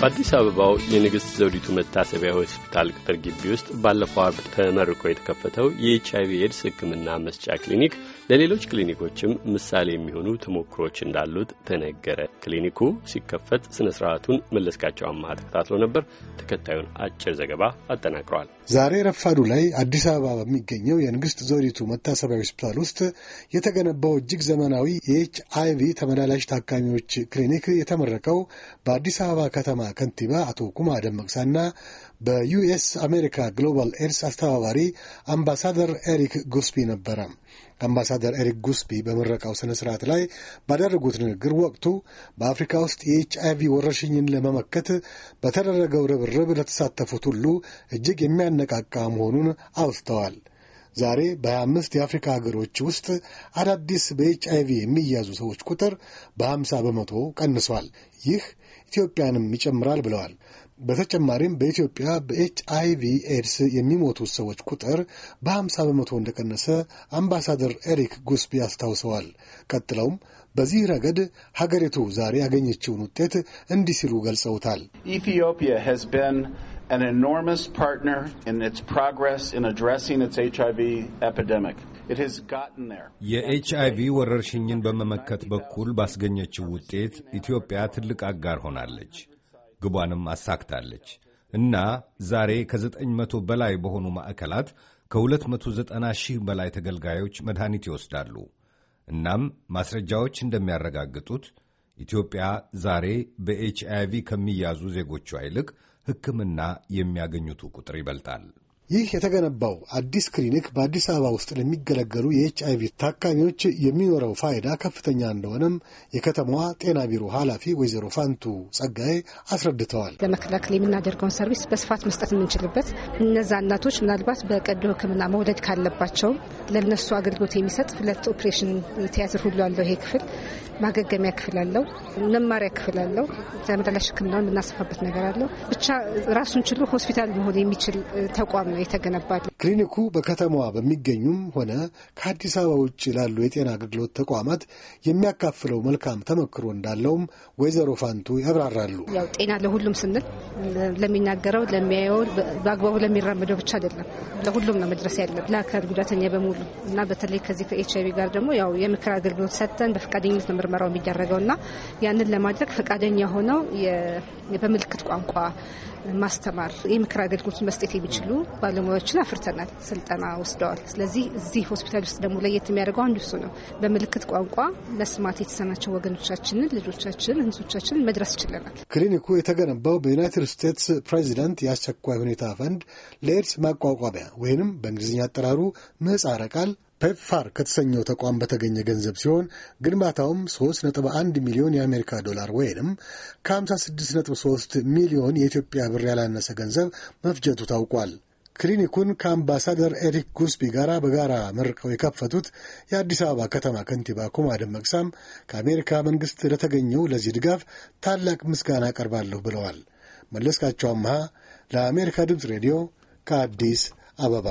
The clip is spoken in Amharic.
በአዲስ አበባው የንግሥት ዘውዲቱ መታሰቢያ ሆስፒታል ቅጥር ግቢ ውስጥ ባለፈው አርብ ተመርቆ የተከፈተው የኤች አይቪ ኤድስ ሕክምና መስጫ ክሊኒክ ለሌሎች ክሊኒኮችም ምሳሌ የሚሆኑ ተሞክሮች እንዳሉት ተነገረ። ክሊኒኩ ሲከፈት ስነ ስርዓቱን መለስካቸው አማሃ ተከታትሎ ነበር። ተከታዩን አጭር ዘገባ አጠናቅሯል። ዛሬ ረፋዱ ላይ አዲስ አበባ በሚገኘው የንግሥት ዘውዲቱ መታሰቢያ ሆስፒታል ውስጥ የተገነባው እጅግ ዘመናዊ የኤች አይቪ ተመላላሽ ታካሚዎች ክሊኒክ የተመረቀው በአዲስ አበባ ከተማ ከንቲባ አቶ ኩማ ደመቅሳና በዩኤስ አሜሪካ ግሎባል ኤድስ አስተባባሪ አምባሳደር ኤሪክ ጎስፒ ነበረ። አምባሳደር ኤሪክ ጉስቢ በምረቃው ስነ ስርዓት ላይ ባደረጉት ንግግር ወቅቱ በአፍሪካ ውስጥ የኤች አይቪ ወረርሽኝን ለመመከት በተደረገው ርብርብ ለተሳተፉት ሁሉ እጅግ የሚያነቃቃ መሆኑን አውስተዋል። ዛሬ በ25 የአፍሪካ ሀገሮች ውስጥ አዳዲስ በኤች አይቪ የሚያዙ ሰዎች ቁጥር በ50 በመቶ ቀንሷል። ይህ ኢትዮጵያንም ይጨምራል ብለዋል። በተጨማሪም በኢትዮጵያ በኤች አይቪ ኤድስ የሚሞቱ ሰዎች ቁጥር በ50 በመቶ እንደቀነሰ አምባሳደር ኤሪክ ጉስቢ አስታውሰዋል። ቀጥለውም በዚህ ረገድ ሀገሪቱ ዛሬ ያገኘችውን ውጤት እንዲህ ሲሉ ገልጸውታል። ኢትዮጵያ an enormous partner in its progress in addressing its HIV epidemic. It has gotten there. የኤችአይቪ ወረርሽኝን በመመከት በኩል ባስገኘችው ውጤት ኢትዮጵያ ትልቅ አጋር ሆናለች፣ ግቧንም አሳክታለች እና ዛሬ ከ መቶ በላይ በሆኑ ማዕከላት ከ290 ሺህ በላይ ተገልጋዮች መድኃኒት ይወስዳሉ። እናም ማስረጃዎች እንደሚያረጋግጡት ኢትዮጵያ ዛሬ በኤችአይቪ ከሚያዙ ዜጎቿ ይልቅ ሕክምና የሚያገኙቱ ቁጥር ይበልጣል። ይህ የተገነባው አዲስ ክሊኒክ በአዲስ አበባ ውስጥ ለሚገለገሉ የኤች አይቪ ታካሚዎች የሚኖረው ፋይዳ ከፍተኛ እንደሆነም የከተማዋ ጤና ቢሮ ኃላፊ ወይዘሮ ፋንቱ ጸጋዬ አስረድተዋል። ለመከላከል የምናደርገውን ሰርቪስ በስፋት መስጠት የምንችልበት እነዛ እናቶች ምናልባት በቀዶ ሕክምና መውለድ ካለባቸው ለነሱ አገልግሎት የሚሰጥ ሁለት ኦፕሬሽን ቲያትር ሁሉ ያለው ይሄ ክፍል ማገገሚያ ክፍል አለው፣ መማሪያ ክፍል አለው፣ ተመላላሽ ሕክምናውን የምናስፋበት ነገር አለው። ብቻ ራሱን ችሎ ሆስፒታል መሆን የሚችል ተቋም ነው የተገነባል። ክሊኒኩ በከተማዋ በሚገኙም ሆነ ከአዲስ አበባ ውጭ ላሉ የጤና አገልግሎት ተቋማት የሚያካፍለው መልካም ተመክሮ እንዳለውም ወይዘሮ ፋንቱ ያብራራሉ። ያው ጤና ለሁሉም ስንል ለሚናገረው፣ ለሚያየው፣ በአግባቡ ለሚራመደው ብቻ አይደለም፣ ለሁሉም ነው መድረስ ያለ ለአካል ጉዳተኛ በሙሉ እና በተለይ ከዚህ ከኤች ጋር ደግሞ ያው የምክር አገልግሎት ሰጥተን በፈቃደኝነት ነው ምርመራው የሚደረገው እና ያንን ለማድረግ ፈቃደኛ ሆነው በምልክት ቋንቋ ማስተማር የምክር አገልግሎት መስጠት የሚችሉ ባለሙያዎችን አፍርተ ተሰጥተናል፣ ስልጠና ወስደዋል። ስለዚህ እዚህ ሆስፒታል ውስጥ ደግሞ ለየት የሚያደርገው አንዱ እሱ ነው። በምልክት ቋንቋ መስማት የተሰናቸው ወገኖቻችንን፣ ልጆቻችንን፣ ህንሶቻችንን መድረስ ችለናል። ክሊኒኩ የተገነባው በዩናይትድ ስቴትስ ፕሬዚደንት የአስቸኳይ ሁኔታ ፈንድ ለኤድስ ማቋቋሚያ ወይንም በእንግሊዝኛ አጠራሩ ምህጻረ ቃል ፔፕፋር ከተሰኘው ተቋም በተገኘ ገንዘብ ሲሆን ግንባታውም 3.1 ሚሊዮን የአሜሪካ ዶላር ወይንም ከ56.3 ሚሊዮን የኢትዮጵያ ብር ያላነሰ ገንዘብ መፍጀቱ ታውቋል። ክሊኒኩን ከአምባሳደር ኤሪክ ጉስቢ ጋር በጋራ መርቀው የከፈቱት የአዲስ አበባ ከተማ ከንቲባ ኩማ ደመቅሳም ከአሜሪካ መንግስት ለተገኘው ለዚህ ድጋፍ ታላቅ ምስጋና አቀርባለሁ ብለዋል። መለስካቸው አምሃ ለአሜሪካ ድምፅ ሬዲዮ ከአዲስ አበባ